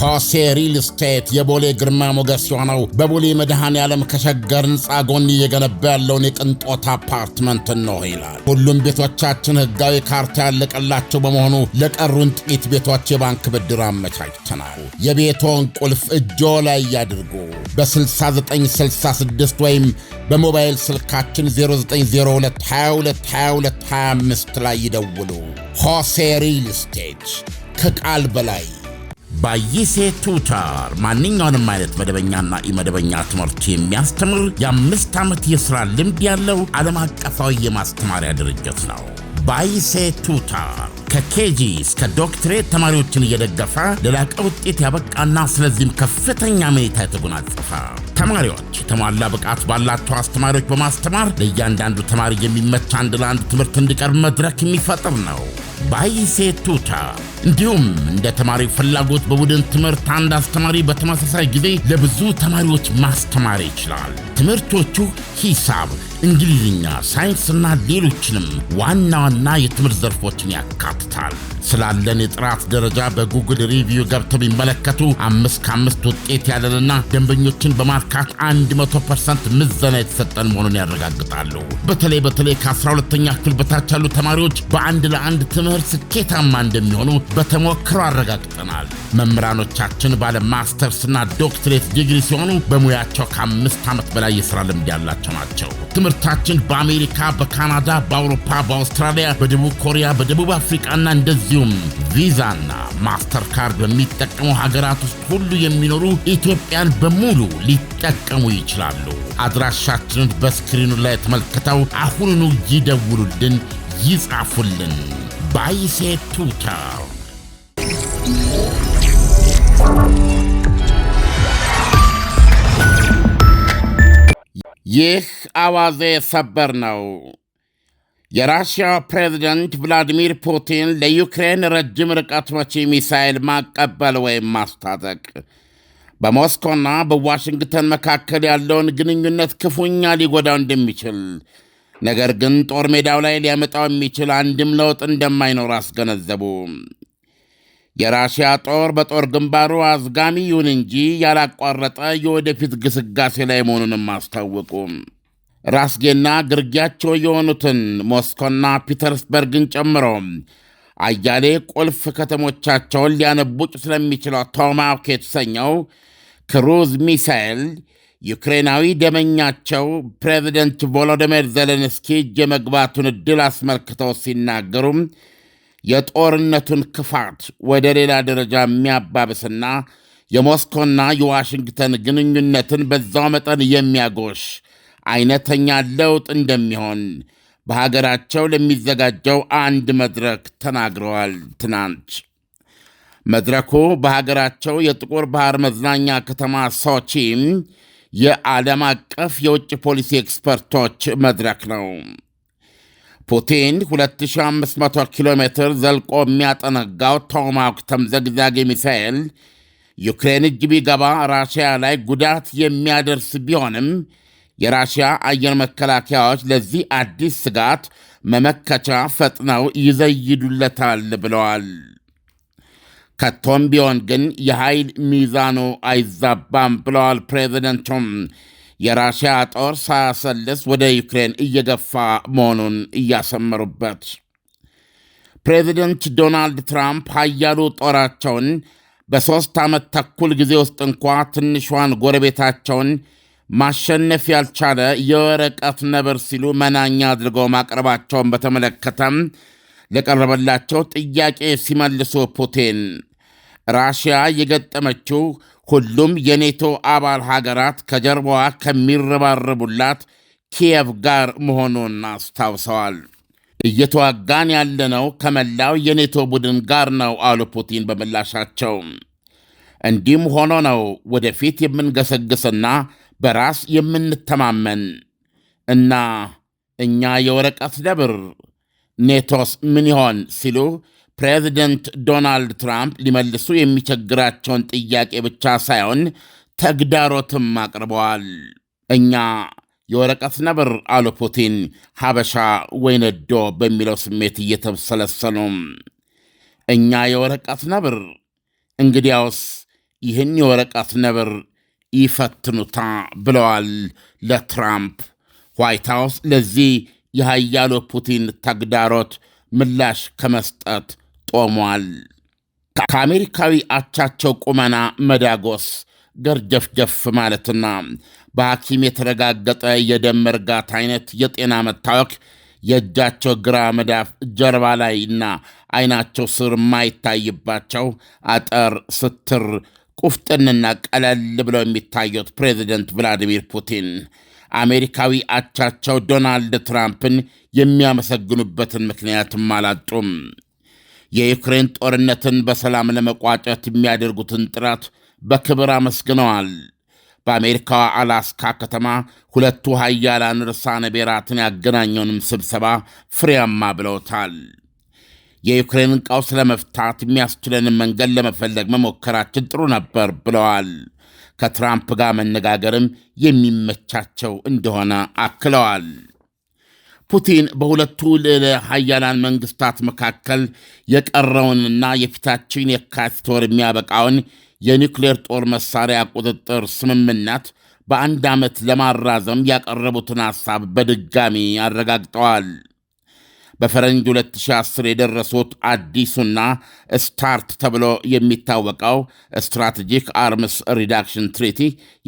ሆሴ ሪል ስቴት የቦሌ ግርማ ሞገስ የሆነው በቦሌ መድኃኔ ዓለም ከሸገር ህንፃ ጎን እየገነባ ያለውን የቅንጦት አፓርትመንት ነው ይላል። ሁሉም ቤቶቻችን ህጋዊ ካርታ ያለቀላቸው በመሆኑ ለቀሩን ጥቂት ቤቶች የባንክ ብድር አመቻችተናል። የቤቶን ቁልፍ እጆ ላይ ያድርጉ። በ6966 ወይም በሞባይል ስልካችን 0902222225 ላይ ይደውሉ። ሆሴ ሪል ስቴት ከቃል በላይ ባይሴ ቱታር ማንኛውንም አይነት መደበኛና ኢመደበኛ ትምህርት የሚያስተምር የአምስት ዓመት የሥራ ልምድ ያለው ዓለም አቀፋዊ የማስተማሪያ ድርጅት ነው። ባይሴ ቱታር ከኬጂ እስከ ዶክትሬት ተማሪዎችን እየደገፈ ለላቀ ውጤት ያበቃና ስለዚህም ከፍተኛ መኔታ የተጎናጸፈ ተማሪዎች የተሟላ ብቃት ባላቸው አስተማሪዎች በማስተማር ለእያንዳንዱ ተማሪ የሚመች አንድ ለአንድ ትምህርት እንዲቀርብ መድረክ የሚፈጥር ነው። ባይሴ ቱታ እንዲሁም እንደ ተማሪ ፍላጎት በቡድን ትምህርት አንድ አስተማሪ በተመሳሳይ ጊዜ ለብዙ ተማሪዎች ማስተማር ይችላል። ትምህርቶቹ ሂሳብ፣ እንግሊዝኛ፣ ሳይንስና ሌሎችንም ዋና ዋና የትምህርት ዘርፎችን ያካትታል። ስላለን የጥራት ደረጃ በጉግል ሪቪው ገብተው ቢመለከቱ አምስት ከአምስት ውጤት ያለንና ደንበኞችን በማር ለማሳካት 100 ፐርሰንት ምዘና የተሰጠን መሆኑን ያረጋግጣሉ። በተለይ በተለይ ከ12ተኛ ክፍል በታች ያሉ ተማሪዎች በአንድ ለአንድ ትምህርት ስኬታማ እንደሚሆኑ በተሞክሮ አረጋግጠናል። መምህራኖቻችን ባለ ማስተርስና ዶክትሬት ዲግሪ ሲሆኑ በሙያቸው ከአምስት ዓመት በላይ የሥራ ልምድ ያላቸው ናቸው። ትምህርታችን በአሜሪካ፣ በካናዳ፣ በአውሮፓ፣ በአውስትራሊያ፣ በደቡብ ኮሪያ፣ በደቡብ አፍሪቃና እንደዚሁም ቪዛና ማስተርካርድ በሚጠቀሙ ሀገራት ውስጥ ሁሉ የሚኖሩ ኢትዮጵያን በሙሉ ሊ ሊጠቀሙ ይችላሉ። አድራሻችንን በስክሪኑ ላይ ተመልክተው አሁኑኑ ይደውሉልን፣ ይጻፉልን። ባይሴ ቱታር ይህ አዋዜ ሰበር ነው። የራሽያ ፕሬዝደንት ቭላዲሚር ፑቲን ለዩክሬን ረጅም ርቀት መቺ ሚሳይል ማቀበል ወይም ማስታጠቅ በሞስኮና በዋሽንግተን መካከል ያለውን ግንኙነት ክፉኛ ሊጎዳው እንደሚችል ነገር ግን ጦር ሜዳው ላይ ሊያመጣው የሚችል አንድም ለውጥ እንደማይኖር አስገነዘቡ። የራሽያ ጦር በጦር ግንባሩ አዝጋሚ ይሁን እንጂ ያላቋረጠ የወደፊት ግስጋሴ ላይ መሆኑንም አስታወቁ። ራስጌና ግርጌያቸው የሆኑትን ሞስኮና ፒተርስበርግን ጨምሮ አያሌ ቁልፍ ከተሞቻቸውን ሊያነቡጭ ስለሚችለው ቶማሃውክ የተሰኘው ክሩዝ ሚሳኤል ዩክሬናዊ ደመኛቸው ፕሬዚደንት ቮሎዲሚር ዜሌንስኪ እጅ የመግባቱን ዕድል አስመልክተው ሲናገሩም የጦርነቱን ክፋት ወደ ሌላ ደረጃ የሚያባብስና የሞስኮና የዋሽንግተን ግንኙነትን በዛው መጠን የሚያጎሽ አይነተኛ ለውጥ እንደሚሆን በሀገራቸው ለሚዘጋጀው አንድ መድረክ ተናግረዋል ትናንት መድረኩ በሀገራቸው የጥቁር ባህር መዝናኛ ከተማ ሶቺ የዓለም አቀፍ የውጭ ፖሊሲ ኤክስፐርቶች መድረክ ነው። ፑቲን 2500 ኪሎ ሜትር ዘልቆ የሚያጠነጋው ቶማሃውክ ተምዘግዛጊ ሚሳኤል ዩክሬን እጅ ቢገባ ራሽያ ላይ ጉዳት የሚያደርስ ቢሆንም የራሽያ አየር መከላከያዎች ለዚህ አዲስ ስጋት መመከቻ ፈጥነው ይዘይዱለታል ብለዋል። ከቶም ቢሆን ግን የኃይል ሚዛኑ አይዛባም ብለዋል ፕሬዚደንቱም። የራሽያ ጦር ሳያሰልስ ወደ ዩክሬን እየገፋ መሆኑን እያሰመሩበት ፕሬዚደንት ዶናልድ ትራምፕ ኃያሉ ጦራቸውን በሦስት ዓመት ተኩል ጊዜ ውስጥ እንኳ ትንሿን ጎረቤታቸውን ማሸነፍ ያልቻለ የወረቀት ነበር ሲሉ መናኛ አድርገው ማቅረባቸውን በተመለከተም ለቀረበላቸው ጥያቄ ሲመልሱ ፑቲን ራሽያ የገጠመችው ሁሉም የኔቶ አባል ሀገራት ከጀርባዋ ከሚረባረቡላት ኪየቭ ጋር መሆኑን አስታውሰዋል። እየተዋጋን ያለነው ከመላው የኔቶ ቡድን ጋር ነው አሉ ፑቲን በምላሻቸው። እንዲህም ሆኖ ነው ወደፊት የምንገሰግስና በራስ የምንተማመን እና እኛ የወረቀት ደብር ኔቶስ ምን ይሆን ሲሉ ፕሬዚደንት ዶናልድ ትራምፕ ሊመልሱ የሚቸግራቸውን ጥያቄ ብቻ ሳይሆን ተግዳሮትም አቅርበዋል። እኛ የወረቀት ነብር አሉ ፑቲን፣ ሀበሻ ወይነዶ በሚለው ስሜት እየተብሰለሰሉ እኛ የወረቀት ነብር። እንግዲያውስ ይህን የወረቀት ነብር ይፈትኑታ ብለዋል ለትራምፕ። ዋይት ሃውስ ለዚህ የኃያሉ ፑቲን ተግዳሮት ምላሽ ከመስጠት ጦሟል። ከአሜሪካዊ አቻቸው ቁመና መዳጎስ ገርጀፍጀፍ ማለትና በሐኪም የተረጋገጠ የደም መርጋት አይነት የጤና መታወክ የእጃቸው ግራ መዳፍ ጀርባ ላይ እና አይናቸው ስር የማይታይባቸው አጠር ስትር ቁፍጥንና ቀለል ብለው የሚታዩት ፕሬዚደንት ቭላዲሚር ፑቲን አሜሪካዊ አቻቸው ዶናልድ ትራምፕን የሚያመሰግኑበትን ምክንያትም አላጡም። የዩክሬን ጦርነትን በሰላም ለመቋጨት የሚያደርጉትን ጥረት በክብር አመስግነዋል። በአሜሪካዋ አላስካ ከተማ ሁለቱ ሀያላን ርዕሳነ ብሔራትን ያገናኘውንም ስብሰባ ፍሬያማ ብለውታል። የዩክሬንን ቀውስ ለመፍታት የሚያስችለንን መንገድ ለመፈለግ መሞከራችን ጥሩ ነበር ብለዋል። ከትራምፕ ጋር መነጋገርም የሚመቻቸው እንደሆነ አክለዋል። ፑቲን በሁለቱ ልዕለ ሀያላን መንግስታት መካከል የቀረውንና የፊታችን የካቲት ወር የሚያበቃውን የኒውክሌር ጦር መሳሪያ ቁጥጥር ስምምነት በአንድ ዓመት ለማራዘም ያቀረቡትን ሐሳብ በድጋሚ አረጋግጠዋል። በፈረንጅ 2010 የደረሱት አዲሱና ስታርት ተብሎ የሚታወቀው ስትራቴጂክ አርምስ ሪዳክሽን ትሪቲ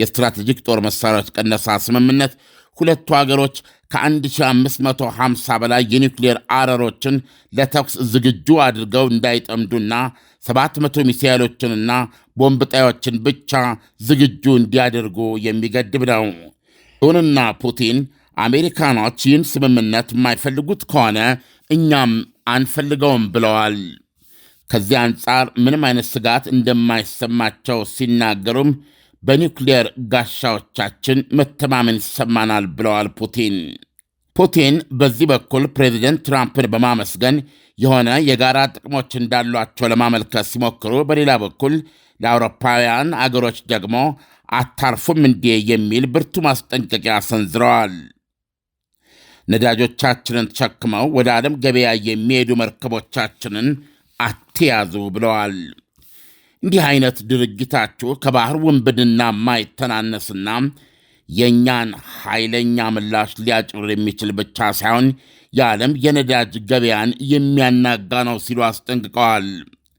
የስትራቴጂክ ጦር መሳሪያዎች ቀነሳ ስምምነት ሁለቱ አገሮች ከ1550 በላይ የኒውክሌር አረሮችን ለተኩስ ዝግጁ አድርገው እንዳይጠምዱና 700 ሚሳይሎችንና ቦምብ ጣዮችን ብቻ ዝግጁ እንዲያደርጉ የሚገድብ ነው። ይሁንና ፑቲን አሜሪካኖች ይህን ስምምነት የማይፈልጉት ከሆነ እኛም አንፈልገውም ብለዋል። ከዚህ አንጻር ምንም አይነት ስጋት እንደማይሰማቸው ሲናገሩም በኒውክሌር ጋሻዎቻችን መተማመን ይሰማናል ብለዋል ፑቲን። ፑቲን በዚህ በኩል ፕሬዚደንት ትራምፕን በማመስገን የሆነ የጋራ ጥቅሞች እንዳሏቸው ለማመልከት ሲሞክሩ፣ በሌላ በኩል ለአውሮፓውያን አገሮች ደግሞ አታርፉም እንዴ የሚል ብርቱ ማስጠንቀቂያ ሰንዝረዋል። ነዳጆቻችንን ተሸክመው ወደ ዓለም ገበያ የሚሄዱ መርከቦቻችንን አትያዙ ብለዋል። እንዲህ አይነት ድርጊታችሁ ከባሕር ውንብድና ማይተናነስና የእኛን ኃይለኛ ምላሽ ሊያጭር የሚችል ብቻ ሳይሆን የዓለም የነዳጅ ገበያን የሚያናጋ ነው ሲሉ አስጠንቅቀዋል።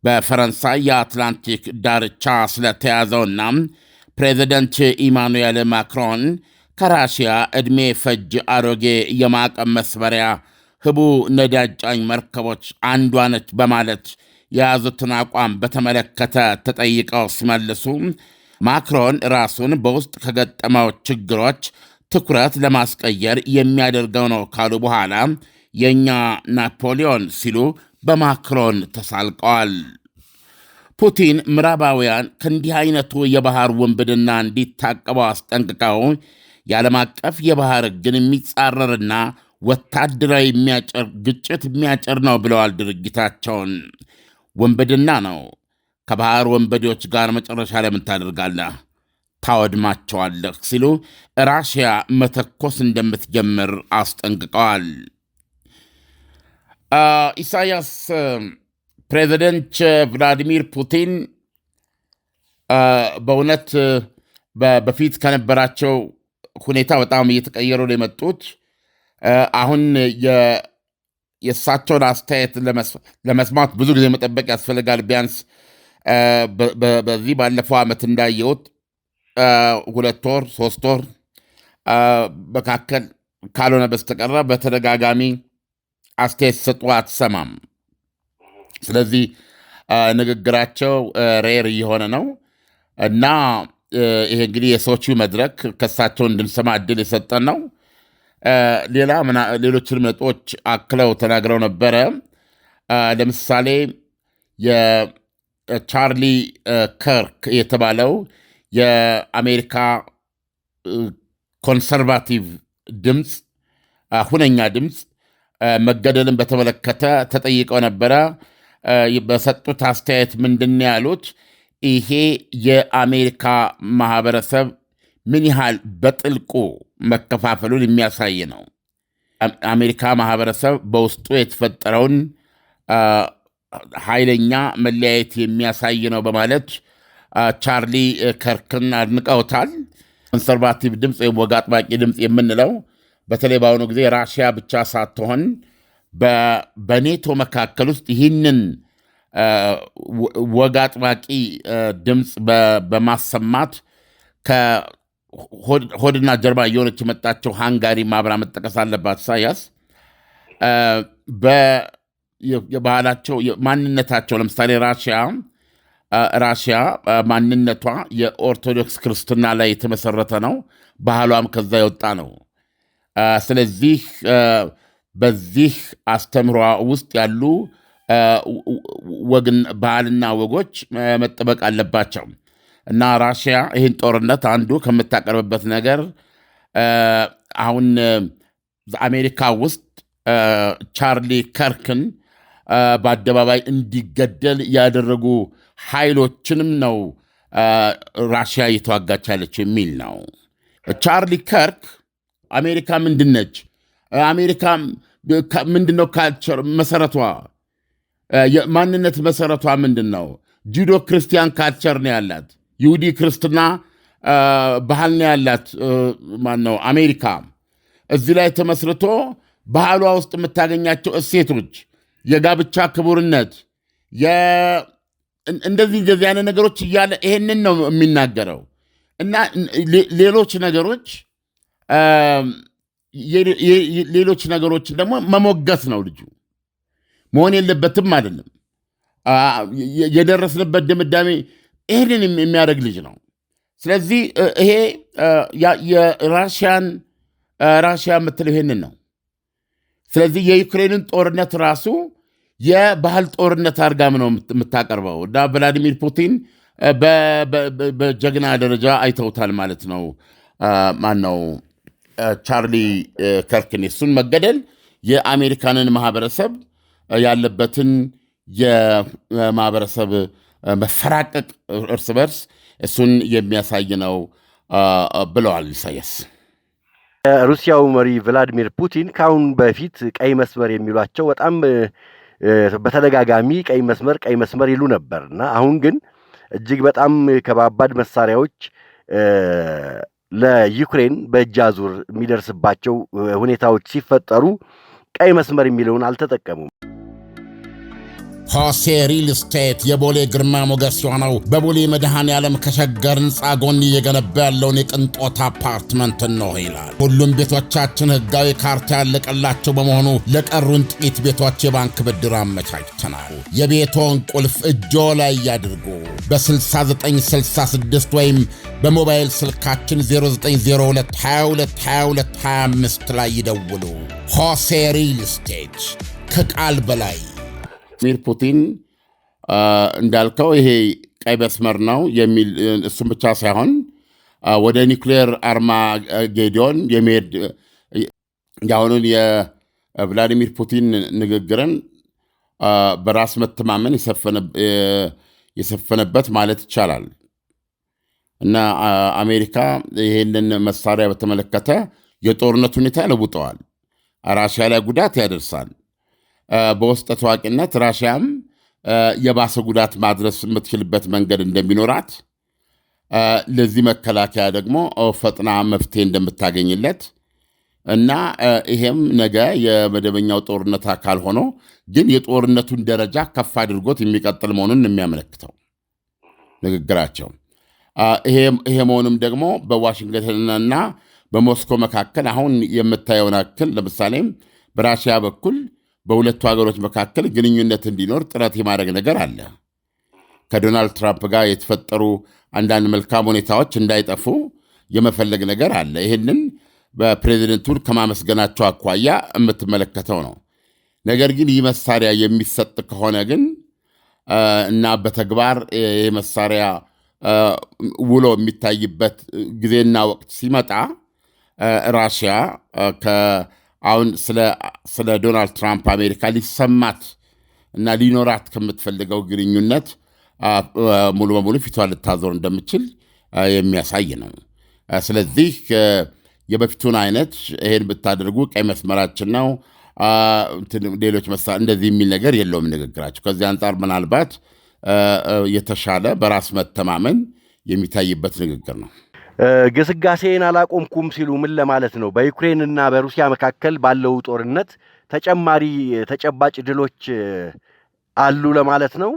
በፈረንሳይ የአትላንቲክ ዳርቻ ስለተያዘውና ፕሬዚደንት ኢማኑኤል ማክሮን ከራሽያ ዕድሜ ፈጅ አሮጌ የማዕቀብ መስበሪያ ህቡ ነዳጅ ጫኝ መርከቦች አንዷ ነች በማለት የያዙትን አቋም በተመለከተ ተጠይቀው ሲመልሱ ማክሮን ራሱን በውስጥ ከገጠመው ችግሮች ትኩረት ለማስቀየር የሚያደርገው ነው ካሉ በኋላ የእኛ ናፖሊዮን ሲሉ በማክሮን ተሳልቀዋል። ፑቲን ምዕራባውያን ከእንዲህ አይነቱ የባህር ውንብድና እንዲታቀበው አስጠንቅቀው የዓለም አቀፍ የባህር ሕግን የሚጻረርና ወታደራዊ ግጭት የሚያጭር ነው ብለዋል ድርጊታቸውን። ውንብድና ነው። ከባሕር ወንበዴዎች ጋር መጨረሻ ላይ ምታደርጋለ ታወድማቸዋለህ ሲሉ ራሽያ መተኮስ እንደምትጀምር አስጠንቅቀዋል። ኢሳያስ ፕሬዚደንት ቭላዲሚር ፑቲን በእውነት በፊት ከነበራቸው ሁኔታ በጣም እየተቀየሩ ነው የመጡት። አሁን የእሳቸውን አስተያየት ለመስማት ብዙ ጊዜ መጠበቅ ያስፈልጋል። ቢያንስ በዚህ ባለፈው ዓመት እንዳየሁት ሁለት ወር ሶስት ወር መካከል ካልሆነ በስተቀረ በተደጋጋሚ አስተያየት ሰጡ አትሰማም። ስለዚህ ንግግራቸው ሬር እየሆነ ነው እና ይሄ እንግዲህ የሰዎቹ መድረክ ከእሳቸው እንድንሰማ እድል የሰጠን ነው። ሌላ ሌሎችን ነጥቦች አክለው ተናግረው ነበረ። ለምሳሌ የቻርሊ ከርክ የተባለው የአሜሪካ ኮንሰርቫቲቭ ድምፅ ሁነኛ ድምፅ መገደልን በተመለከተ ተጠይቀው ነበረ። በሰጡት አስተያየት ምንድን ያሉት ይሄ የአሜሪካ ማህበረሰብ ምን ያህል በጥልቁ መከፋፈሉን የሚያሳይ ነው። አሜሪካ ማህበረሰብ በውስጡ የተፈጠረውን ኃይለኛ መለያየት የሚያሳይ ነው በማለት ቻርሊ ከርክን አድንቀውታል። ኮንሰርቫቲቭ ድምፅ ወይም ወግ አጥባቂ ድምፅ የምንለው በተለይ በአሁኑ ጊዜ ራሽያ ብቻ ሳትሆን በኔቶ መካከል ውስጥ ይህንን ወግ አጥባቂ ድምፅ በማሰማት ሆድና ጀርባ እየሆነች የመጣቸው ሃንጋሪ ማብራ መጠቀስ አለባት። ኢሳያስ የባህላቸው ማንነታቸው ለምሳሌ ራሽያ ራሽያ ማንነቷ የኦርቶዶክስ ክርስትና ላይ የተመሰረተ ነው። ባህሏም ከዛ የወጣ ነው። ስለዚህ በዚህ አስተምሯ ውስጥ ያሉ ባህልና ወጎች መጠበቅ አለባቸው። እና ራሽያ ይህን ጦርነት አንዱ ከምታቀርብበት ነገር አሁን አሜሪካ ውስጥ ቻርሊ ከርክን በአደባባይ እንዲገደል ያደረጉ ኃይሎችንም ነው ራሽያ እየተዋጋቻለች የሚል ነው። ቻርሊ ከርክ አሜሪካ ምንድነች? አሜሪካ ምንድነው? ካልቸር መሰረቷ፣ ማንነት መሰረቷ ምንድን ነው? ጁዶ ክርስቲያን ካልቸር ነው ያላት። ይሁዲ ክርስትና ባህል ነው ያላት ማነው አሜሪካ። እዚህ ላይ ተመስርቶ ባህሏ ውስጥ የምታገኛቸው እሴቶች፣ የጋብቻ ክቡርነት፣ እንደዚህ እንደዚህ አይነት ነገሮች እያለ ይሄንን ነው የሚናገረው እና ሌሎች ነገሮች ሌሎች ነገሮችን ደግሞ መሞገስ ነው ልጁ መሆን የለበትም አይደለም የደረስንበት ድምዳሜ ይህንን የሚያደርግ ልጅ ነው። ስለዚህ ይሄ የራሽያን ራሽያ የምትለው ይህንን ነው። ስለዚህ የዩክሬንን ጦርነት ራሱ የባህል ጦርነት አድርጋም ነው የምታቀርበው እና ቭላዲሚር ፑቲን በጀግና ደረጃ አይተውታል ማለት ነው። ማነው ቻርሊ ከርክን የሱን መገደል የአሜሪካንን ማህበረሰብ ያለበትን የማህበረሰብ መፈራቀቅ እርስ በርስ እሱን የሚያሳይ ነው ብለዋል ኢሳያስ። የሩሲያው መሪ ቭላዲሚር ፑቲን ከአሁን በፊት ቀይ መስመር የሚሏቸው በጣም በተደጋጋሚ ቀይ መስመር ቀይ መስመር ይሉ ነበር እና አሁን ግን እጅግ በጣም ከባባድ መሳሪያዎች ለዩክሬን በእጅ አዙር የሚደርስባቸው ሁኔታዎች ሲፈጠሩ ቀይ መስመር የሚለውን አልተጠቀሙም። ሆሴ ሪል ስቴት የቦሌ ግርማ ሞገስ የሆነው በቦሌ መድኃኔ ዓለም ከሸገር ሕንፃ ጎን እየገነባ ያለውን የቅንጦት አፓርትመንት ነው ይላል። ሁሉም ቤቶቻችን ሕጋዊ ካርታ ያለቀላቸው በመሆኑ ለቀሩን ጥቂት ቤቶች የባንክ ብድር አመቻችተናል። የቤቶን ቁልፍ እጆ ላይ ያድርጉ። በ6966 ወይም በሞባይል ስልካችን 0902222225 ላይ ይደውሉ። ሆሴ ሪል ስቴት ከቃል በላይ ሚር ፑቲን እንዳልከው ይሄ ቀይ መስመር ነው የሚል እሱም ብቻ ሳይሆን ወደ ኒውክሌር ጌዲዮን የመሄድ የአሁኑን የቭላዲሚር ፑቲን ንግግርን በራስ መተማመን የሰፈነበት ማለት ይቻላል እና አሜሪካ ይህንን መሳሪያ በተመለከተ የጦርነት ሁኔታ ለውጠዋል። ራሽያ ላይ ጉዳት ያደርሳል። በውስጥ ተዋቂነት ራሽያም የባሰ ጉዳት ማድረስ የምትችልበት መንገድ እንደሚኖራት ለዚህ መከላከያ ደግሞ ፈጥና መፍትሄ እንደምታገኝለት እና ይሄም ነገ የመደበኛው ጦርነት አካል ሆኖ ግን የጦርነቱን ደረጃ ከፍ አድርጎት የሚቀጥል መሆኑን የሚያመለክተው ንግግራቸው። ይሄ መሆኑም ደግሞ በዋሽንግተንና በሞስኮ መካከል አሁን የምታየውን አክል ለምሳሌም በራሽያ በኩል በሁለቱ ሀገሮች መካከል ግንኙነት እንዲኖር ጥረት የማድረግ ነገር አለ። ከዶናልድ ትራምፕ ጋር የተፈጠሩ አንዳንድ መልካም ሁኔታዎች እንዳይጠፉ የመፈለግ ነገር አለ። ይህንን በፕሬዚደንቱን ከማመስገናቸው አኳያ የምትመለከተው ነው። ነገር ግን ይህ መሳሪያ የሚሰጥ ከሆነ ግን እና በተግባር ይህ መሳሪያ ውሎ የሚታይበት ጊዜና ወቅት ሲመጣ ራሽያ አሁን ስለ ዶናልድ ትራምፕ አሜሪካ ሊሰማት እና ሊኖራት ከምትፈልገው ግንኙነት ሙሉ በሙሉ ፊቷ ልታዞር እንደምችል የሚያሳይ ነው። ስለዚህ የበፊቱን አይነት ይሄን ብታደርጉ ቀይ መስመራችን ነው፣ ሌሎች እንደዚህ የሚል ነገር የለውም ንግግራቸው። ከዚህ አንጻር ምናልባት የተሻለ በራስ መተማመን የሚታይበት ንግግር ነው። ግስጋሴን አላቆምኩም ሲሉ ምን ለማለት ነው? በዩክሬን እና በሩሲያ መካከል ባለው ጦርነት ተጨማሪ ተጨባጭ ድሎች አሉ ለማለት ነው።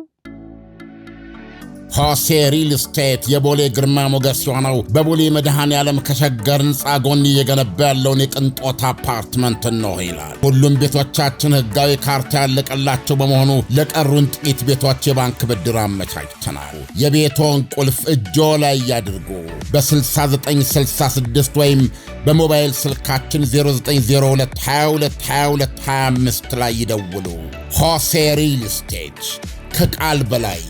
ሆሴ ሪል ስቴት የቦሌ ግርማ ሞገስ የሆነው በቦሌ መድኃኔ ዓለም ከሸገር ህንፃ ጎን እየገነባ ያለውን የቅንጦት አፓርትመንት ነው ይላል። ሁሉም ቤቶቻችን ህጋዊ ካርታ ያለቀላቸው በመሆኑ ለቀሩን ጥቂት ቤቶች የባንክ ብድር አመቻችተናል። የቤቶን ቁልፍ እጆ ላይ ያድርጉ። በ6966 ወይም በሞባይል ስልካችን 0902222225 ላይ ይደውሉ። ሆሴ ሪል ስቴት ከቃል በላይ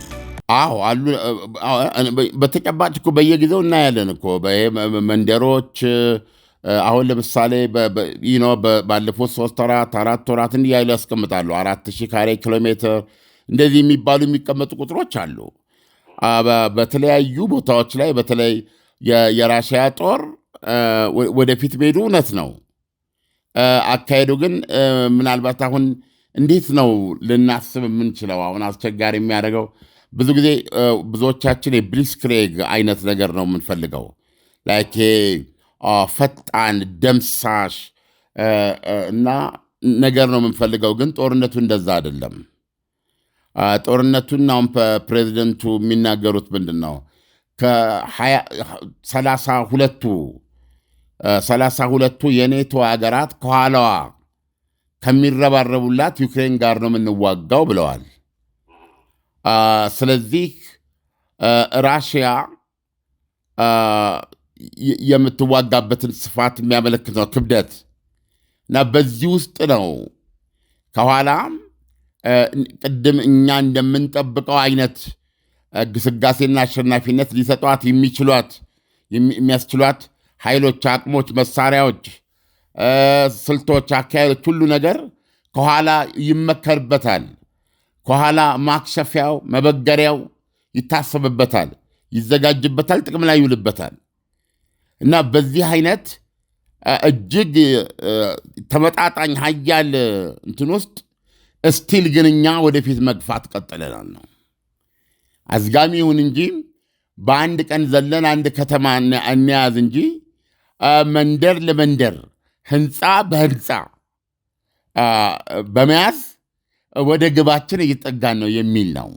አዎ አሉ። በተጨባጭ እኮ በየጊዜው እናያለን እኮ መንደሮች። አሁን ለምሳሌ ባለፉት ሶስት ወራት አራት ወራት እንዲህ ያሉ ያስቀምጣሉ። አራት ሺህ ካሬ ኪሎ ሜትር እንደዚህ የሚባሉ የሚቀመጡ ቁጥሮች አሉ። በተለያዩ ቦታዎች ላይ በተለይ የራሽያ ጦር ወደፊት መሄዱ እውነት ነው። አካሄዱ ግን ምናልባት አሁን እንዴት ነው ልናስብ የምንችለው? አሁን አስቸጋሪ የሚያደርገው ብዙ ጊዜ ብዙዎቻችን የብሊስክሬግ አይነት ነገር ነው የምንፈልገው። ላይኬ ፈጣን ደምሳሽ እና ነገር ነው የምንፈልገው። ግን ጦርነቱ እንደዛ አይደለም። ጦርነቱን አሁን ፕሬዚደንቱ የሚናገሩት ምንድን ነው? ሰላሳ ሁለቱ ሰላሳ ሁለቱ የኔቶ ሀገራት ከኋላዋ ከሚረባረቡላት ዩክሬን ጋር ነው የምንዋጋው ብለዋል። ስለዚህ ራሽያ የምትዋጋበትን ስፋት የሚያመለክት ነው ክብደት እና በዚህ ውስጥ ነው ከኋላ ቅድም እኛ እንደምንጠብቀው አይነት ግስጋሴና አሸናፊነት ሊሰጧት የሚችሏት የሚያስችሏት ኃይሎች፣ አቅሞች፣ መሳሪያዎች፣ ስልቶች፣ አካሄዶች ሁሉ ነገር ከኋላ ይመከርበታል። ከኋላ ማክሸፊያው መበገሪያው ይታሰብበታል፣ ይዘጋጅበታል፣ ጥቅም ላይ ይውልበታል እና በዚህ አይነት እጅግ ተመጣጣኝ ሀያል እንትን ውስጥ እስቲል ግን እኛ ወደፊት መግፋት ቀጥለናል ነው። አዝጋሚ ይሁን እንጂ በአንድ ቀን ዘለን አንድ ከተማ እንያዝ እንጂ መንደር ለመንደር ህንፃ በህንፃ በመያዝ ወደ ግባችን እየጠጋን ነው የሚል ነው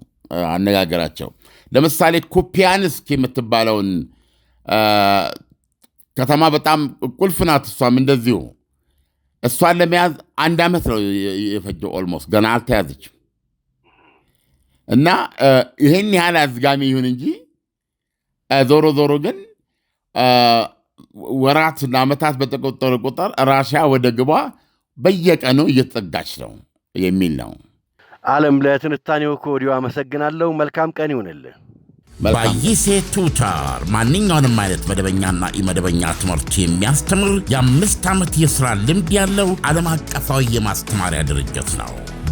አነጋገራቸው። ለምሳሌ ኩፒያንስክ የምትባለውን ከተማ በጣም ቁልፍ ናት። እሷም እንደዚሁ እሷን ለመያዝ አንድ ዓመት ነው የፈጀው። ኦልሞስት ገና አልተያዘችም እና ይህን ያህል አዝጋሚ ይሁን እንጂ ዞሮ ዞሮ ግን ወራት እና ዓመታት በተቆጠሩ ቁጥር ራሽያ ወደ ግቧ በየቀኑ እየተጠጋች ነው የሚል ነው። አለም ለትንታኔው ከወዲሁ አመሰግናለሁ። መልካም ቀን ይሁንልህ። ባይሴ ቱታር ማንኛውንም አይነት መደበኛና ኢመደበኛ ትምህርት የሚያስተምር የአምስት ዓመት የሥራ ልምድ ያለው ዓለም አቀፋዊ የማስተማሪያ ድርጅት ነው።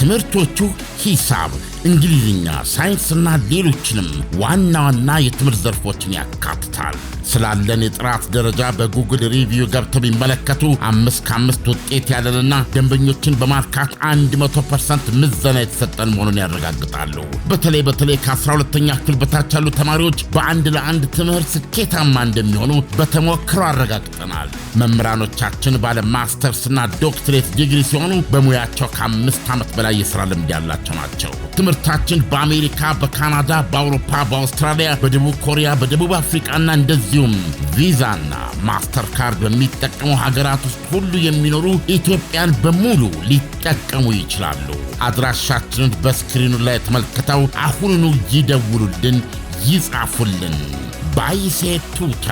ትምህርቶቹ ሂሳብ፣ እንግሊዝኛ፣ ሳይንስና ሌሎችንም ዋና ዋና የትምህርት ዘርፎችን ያካትታል። ስላለን የጥራት ደረጃ በጉግል ሪቪው ገብተው ቢመለከቱ አምስት ከአምስት ውጤት ያለንና ደንበኞችን በማርካት 100 ፐርሰንት ምዘና የተሰጠን መሆኑን ያረጋግጣሉ። በተለይ በተለይ ከ12ተኛ ክፍል በታች ያሉ ተማሪዎች በአንድ ለአንድ ትምህርት ስኬታማ እንደሚሆኑ በተሞክሮ አረጋግጠናል። መምህራኖቻችን ባለ ማስተርስና ዶክትሬት ዲግሪ ሲሆኑ በሙያቸው ከአምስት ዓመት በላይ የተሟላ የስራ ልምድ ያላቸው ናቸው። ትምህርታችን በአሜሪካ፣ በካናዳ፣ በአውሮፓ፣ በአውስትራሊያ፣ በደቡብ ኮሪያ፣ በደቡብ አፍሪቃና እንደዚሁም ቪዛና ማስተር ካርድ በሚጠቀሙ ሀገራት ውስጥ ሁሉ የሚኖሩ ኢትዮጵያን በሙሉ ሊጠቀሙ ይችላሉ። አድራሻችንን በስክሪኑ ላይ ተመልክተው አሁኑኑ ይደውሉልን፣ ይጻፉልን። ባይሴ ቱታ